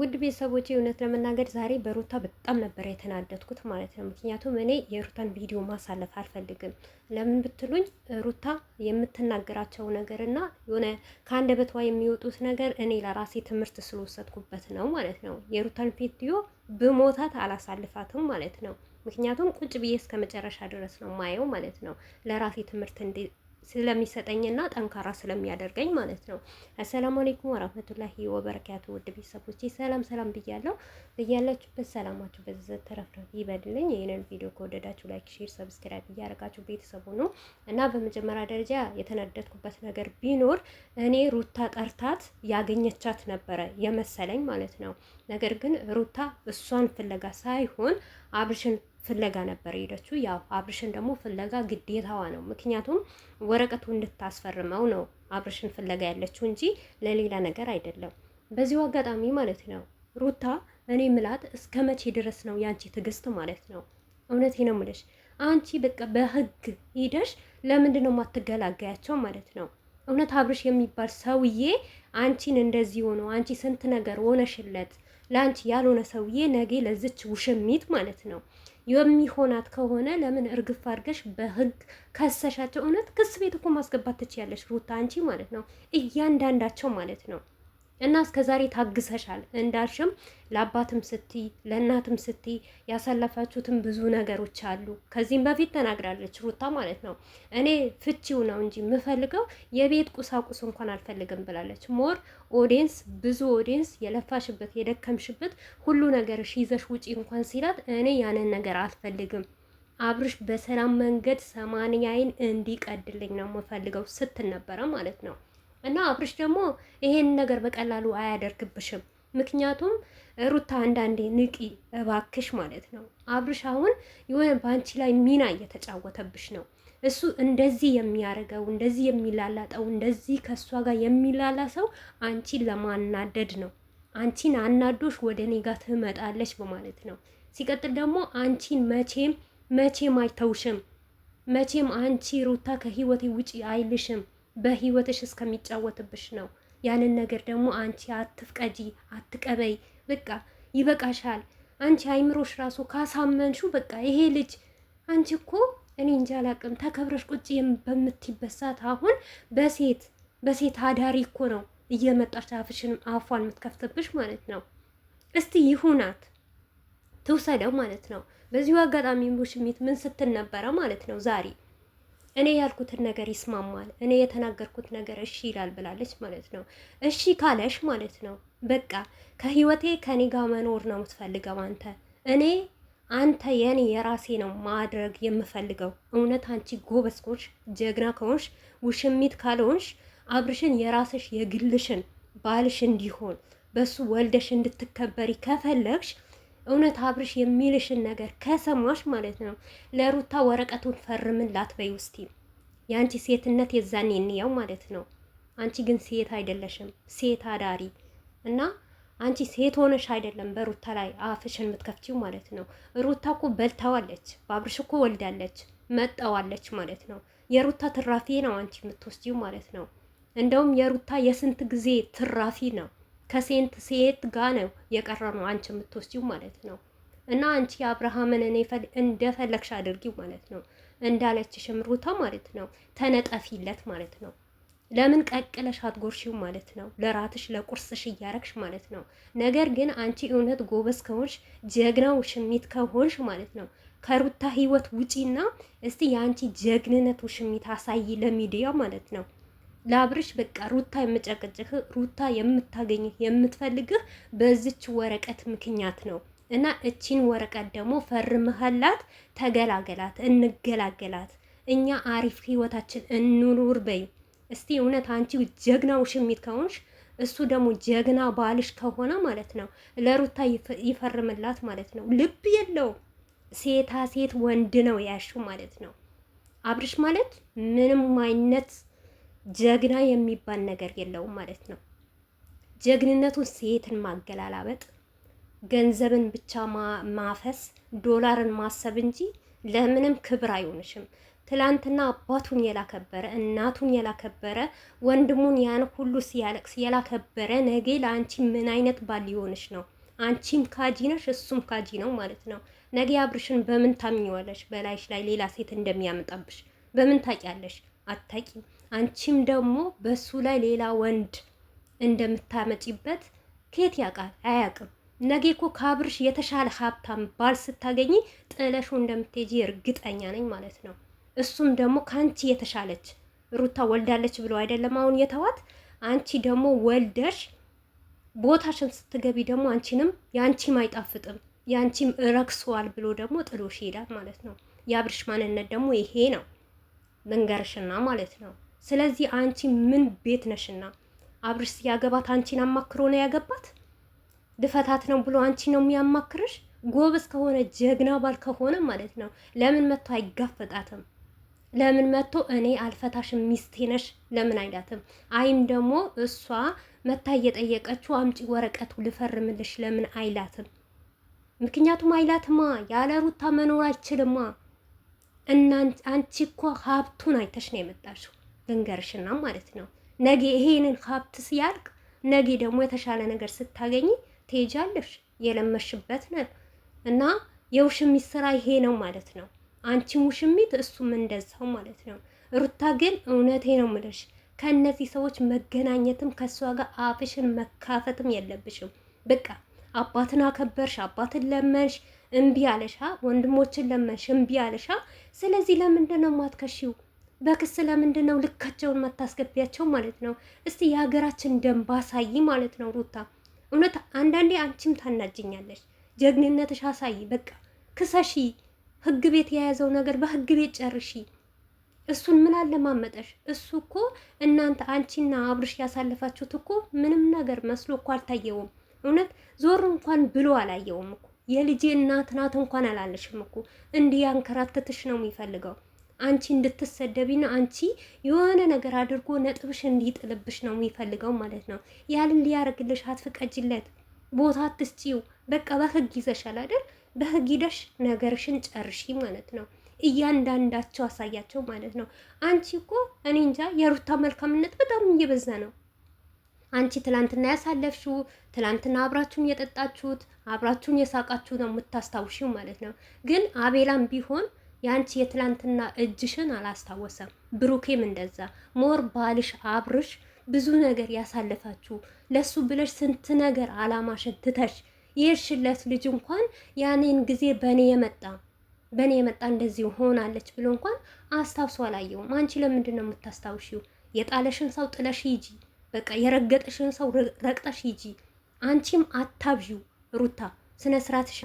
ውድ ቤተሰቦች እውነት ለመናገር ዛሬ በሩታ በጣም ነበረ የተናደድኩት ማለት ነው። ምክንያቱም እኔ የሩታን ቪዲዮ ማሳለፍ አልፈልግም። ለምን ብትሉኝ ሩታ የምትናገራቸው ነገር እና የሆነ ከአንደበቷ የሚወጡት ነገር እኔ ለራሴ ትምህርት ስለወሰድኩበት ነው ማለት ነው። የሩታን ቪዲዮ ብሞታት አላሳልፋትም ማለት ነው። ምክንያቱም ቁጭ ብዬ እስከ መጨረሻ ድረስ ነው ማየው ማለት ነው። ለራሴ ትምህርት ስለሚሰጠኝና ጠንካራ ስለሚያደርገኝ ማለት ነው። አሰላሙ አለይኩም ወራህመቱላሂ ወበረካቱ። ውድ ቤተሰቦች ሰላም ሰላም ብያለሁ። እያላችሁበት ሰላማችሁ በዘዘት ተረፍረፍ ይበድልኝ። ይህንን ቪዲዮ ከወደዳችሁ ላይክ፣ ሼር፣ ሰብስክራይብ እያደረጋችሁ ቤተሰቡ ነው እና በመጀመሪያ ደረጃ የተናደድኩበት ነገር ቢኖር እኔ ሩታ ጠርታት ያገኘቻት ነበረ የመሰለኝ ማለት ነው። ነገር ግን ሩታ እሷን ፍለጋ ሳይሆን አብርሽን ፍለጋ ነበር የሄደችው። ያው አብርሽን ደግሞ ፍለጋ ግዴታዋ ነው፣ ምክንያቱም ወረቀቱ እንድታስፈርመው ነው አብርሽን ፍለጋ ያለችው እንጂ ለሌላ ነገር አይደለም። በዚሁ አጋጣሚ ማለት ነው ሩታ፣ እኔ ምላት እስከ መቼ ድረስ ነው የአንቺ ትዕግስት ማለት ነው? እውነቴ ነው ምልሽ አንቺ በቃ በህግ ሂደሽ ለምንድን ነው ማትገላገያቸው ማለት ነው? እውነት አብርሽ የሚባል ሰውዬ አንቺን እንደዚህ ሆኖ አንቺ ስንት ነገር ሆነሽለት ለአንቺ ያልሆነ ሰውዬ ነገ ለዝች ውሽሚት ማለት ነው የሚሆናት ከሆነ ለምን እርግፍ አድርገሽ በህግ ከሰሻቸው? እውነት ክስ ቤት እኮ ማስገባት ትችያለሽ ሩታ አንቺ ማለት ነው እያንዳንዳቸው ማለት ነው እና እስከዛሬ ታግሰሻል እንዳልሽም ለአባትም ስትይ ለእናትም ስትይ ያሳለፋችሁትን ብዙ ነገሮች አሉ። ከዚህም በፊት ተናግራለች ሩታ ማለት ነው። እኔ ፍቺው ነው እንጂ የምፈልገው የቤት ቁሳቁስ እንኳን አልፈልግም ብላለች። ሞር ኦዲንስ ብዙ ኦዲንስ የለፋሽበት የደከምሽበት ሁሉ ነገር ይዘሽ ውጪ እንኳን ሲላት እኔ ያንን ነገር አልፈልግም አብርሽ በሰላም መንገድ ሰማንያይን እንዲቀድልኝ ነው የምፈልገው ስትል ነበረ ማለት ነው። እና አብርሽ ደግሞ ይሄን ነገር በቀላሉ አያደርግብሽም። ምክንያቱም ሩታ አንዳንዴ ንቂ እባክሽ ማለት ነው። አብርሽ አሁን የሆነ በአንቺ ላይ ሚና እየተጫወተብሽ ነው። እሱ እንደዚህ የሚያደርገው እንደዚህ የሚላላጠው እንደዚህ ከእሷ ጋር የሚላላ ሰው አንቺን ለማናደድ ነው። አንቺን አናዶሽ ወደ እኔ ጋር ትመጣለች በማለት ነው። ሲቀጥል ደግሞ አንቺን መቼም መቼም አይተውሽም። መቼም አንቺ ሩታ ከህይወቴ ውጪ አይልሽም። በህይወትሽ እስከሚጫወትብሽ ነው። ያንን ነገር ደግሞ አንቺ አትፍቀጂ፣ አትቀበይ። በቃ ይበቃሻል። አንቺ አይምሮሽ ራሱ ካሳመንሹ በቃ ይሄ ልጅ አንቺ እኮ እኔ እንጂ አላቅም ተከብረሽ ቁጭ በምትይበት ሰዓት አሁን በሴት በሴት አዳሪ እኮ ነው እየመጣች አፍሽን አፏን የምትከፍትብሽ ማለት ነው። እስቲ ይሁናት ትውሰደው ማለት ነው። በዚሁ አጋጣሚ ቡሽሚት ምን ስትል ነበረ ማለት ነው ዛሬ እኔ ያልኩትን ነገር ይስማማል፣ እኔ የተናገርኩት ነገር እሺ ይላል ብላለች ማለት ነው። እሺ ካለሽ ማለት ነው በቃ ከህይወቴ ከኔ ጋር መኖር ነው የምትፈልገው አንተ። እኔ አንተ የኔ የራሴ ነው ማድረግ የምፈልገው። እውነት አንቺ ጎበዝ ከሆንሽ፣ ጀግና ከሆንሽ፣ ውሽሚት ካልሆንሽ አብርሽን የራስሽ የግልሽን ባልሽ እንዲሆን በሱ ወልደሽ እንድትከበሪ ከፈለግሽ እውነት አብርሽ የሚልሽን ነገር ከሰማሽ ማለት ነው ለሩታ ወረቀቱን ፈርምላት በይ ውስቲ። የአንቺ ሴትነት የዛኔ እንየው ማለት ነው። አንቺ ግን ሴት አይደለሽም፣ ሴት አዳሪ እና አንቺ ሴት ሆነሽ አይደለም በሩታ ላይ አፍሽን የምትከፍቺው ማለት ነው። ሩታ እኮ በልታዋለች፣ በአብርሽ እኮ ወልዳለች፣ መጣዋለች ማለት ነው። የሩታ ትራፊ ነው አንቺ የምትወስጂው ማለት ነው። እንደውም የሩታ የስንት ጊዜ ትራፊ ነው። ከሴንት ሴት ጋር ነው የቀረ ነው አንቺ የምትወስጂው ማለት ነው። እና አንቺ አብርሃምን እኔ እንደፈለግሽ አድርጊው ማለት ነው። እንዳለችሽም ሩታ ማለት ነው። ተነጠፊለት ማለት ነው። ለምን ቀቅለሽ አትጎርሽው ማለት ነው። ለራትሽ ለቁርስሽ እያረግሽ ማለት ነው። ነገር ግን አንቺ እውነት ጎበዝ ከሆንሽ ጀግናው ሽሚት ከሆንሽ ማለት ነው ከሩታ ህይወት ውጪና እስቲ የአንቺ ጀግንነት ውሽሚት አሳይ ለሚዲያ ማለት ነው። ለአብርሽ በቃ ሩታ የምጨቅጭህ ሩታ የምታገኝህ የምትፈልግህ በዚች ወረቀት ምክንያት ነው እና እቺን ወረቀት ደግሞ ፈርመሃላት፣ ተገላገላት፣ እንገላገላት፣ እኛ አሪፍ ህይወታችን እንኑር በይ። እስቲ እውነት አንቺ ጀግና ሽሚት ከሆንሽ እሱ ደግሞ ጀግና ባልሽ ከሆነ ማለት ነው ለሩታ ይፈርምላት ማለት ነው። ልብ የለው ሴታ ሴት ወንድ ነው ያሹ ማለት ነው። አብርሽ ማለት ምንም አይነት ጀግና የሚባል ነገር የለውም ማለት ነው። ጀግንነቱን ሴትን ማገላላበጥ፣ ገንዘብን ብቻ ማፈስ፣ ዶላርን ማሰብ እንጂ ለምንም ክብር አይሆንሽም። ትላንትና አባቱን የላከበረ እናቱን የላከበረ ወንድሙን ያን ሁሉ ሲያለቅስ የላከበረ ነገ ለአንቺ ምን አይነት ባል ሊሆንሽ ነው? አንቺም ካጂ ነሽ፣ እሱም ካጂ ነው ማለት ነው። ነገ አብርሽን በምን ታምኚዋለሽ? በላይሽ ላይ ሌላ ሴት እንደሚያመጣብሽ በምን ታውቂያለሽ? አታውቂም። አንቺም ደግሞ በሱ ላይ ሌላ ወንድ እንደምታመጪበት ኬት ያውቃል? አያውቅም። ነገ እኮ ካብርሽ የተሻለ ሀብታም ባል ስታገኝ ጥለሹ እንደምትሄጂ እርግጠኛ ነኝ ማለት ነው። እሱም ደግሞ ከአንቺ የተሻለች ሩታ ወልዳለች ብሎ አይደለም አሁን የተዋት። አንቺ ደግሞ ወልደሽ ቦታሽን ስትገቢ ደግሞ አንቺንም የአንቺም አይጣፍጥም የአንቺም እረክሰዋል ብሎ ደግሞ ጥሎሽ ይሄዳል ማለት ነው። የአብርሽ ማንነት ደግሞ ይሄ ነው መንገርሽና ማለት ነው። ስለዚህ አንቺ ምን ቤት ነሽና አብርሽ ያገባት አንቺን አማክሮ ነው ያገባት? ልፈታት ነው ብሎ አንቺ ነው የሚያማክርሽ? ጎበዝ ከሆነ ጀግና ባል ከሆነ ማለት ነው ለምን መጥቶ አይጋፈጣትም? ለምን መጥቶ እኔ አልፈታሽም ሚስቴ ነሽ ለምን አይላትም? አይም ደግሞ እሷ መታ እየጠየቀችው አምጪ ወረቀቱ ልፈርምልሽ ለምን አይላትም? ምክንያቱም አይላትማ ያለ ሩታ መኖር አይችልማ። እና አንቺ እኮ ሀብቱን አይተሽ ነው የመጣሽው ልንገርሽና ማለት ነው ነገ ይሄንን ሀብት ሲያልቅ ነገ ደግሞ የተሻለ ነገር ስታገኝ ትሄጃለሽ። የለመሽበት ነው እና የውሽሚት ስራ ይሄ ነው ማለት ነው። አንቺም ውሽሚት፣ እሱም እንደዛው ማለት ነው። ሩታ ግን እውነቴ ነው ምልሽ ከእነዚህ ሰዎች መገናኘትም ከእሷ ጋር አፍሽን መካፈትም የለብሽም። በቃ አባትን አከበርሽ፣ አባትን ለመንሽ፣ እምቢ አለሻ። ወንድሞችን ለመንሽ፣ እምቢ አለሻ። ስለዚህ ለምንድን ነው ማትከሺው? በክስ ለምንድን ነው ልካቸውን መታስገቢያቸው ማለት ነው? እስቲ የሀገራችን ደንብ አሳይ ማለት ነው ሩታ። እውነት አንዳንዴ አንቺም ታናጅኛለሽ። ጀግንነትሽ አሳይ በቃ ክሰሺ። ህግ ቤት የያዘው ነገር በህግ ቤት ጨርሺ። እሱን ምን አለማመጠሽ? እሱ እኮ እናንተ አንቺና አብርሽ ያሳለፋችሁት እኮ ምንም ነገር መስሎ እኮ አልታየውም። እውነት ዞር እንኳን ብሎ አላየውም እኮ የልጄ እናት ናት እንኳን አላለሽም እኮ እንዲህ ያንከራትትሽ ነው የሚፈልገው። አንቺ እንድትሰደቢና አንቺ የሆነ ነገር አድርጎ ነጥብሽ እንዲጥልብሽ ነው የሚፈልገው ማለት ነው። ያልን ሊያደርግልሽ አትፍቀጅለት፣ ቦታ አትስጪው። በቃ በህግ ይዘሻል አይደል? በህግ ይደሽ ነገርሽን ጨርሺ ማለት ነው። እያንዳንዳቸው አሳያቸው ማለት ነው። አንቺ እኮ እኔ እንጃ የሩታ መልካምነት በጣም እየበዛ ነው። አንቺ ትላንትና ያሳለፍሽው ትላንትና አብራችሁን የጠጣችሁት አብራችሁን የሳቃችሁ ነው የምታስታውሽው ማለት ነው። ግን አቤላም ቢሆን የአንቺ የትላንትና እጅሽን አላስታወሰም። ብሩኬም እንደዛ ሞር ባልሽ አብርሽ ብዙ ነገር ያሳለፋችሁ ለሱ ብለሽ ስንት ነገር አላማሽን ትተሽ የሄድሽለት ልጅ እንኳን ያኔን ጊዜ በእኔ የመጣ በእኔ የመጣ እንደዚህ ሆናለች ብሎ እንኳን አስታውሶ አላየውም። አንቺ ለምንድን ነው የምታስታውሽው? የጣለሽን ሰው ጥለሽ ሂጂ፣ በቃ የረገጠሽን ሰው ረግጠሽ ሂጂ። አንቺም አታብዢው ሩታ ስነ ስርዓትሽ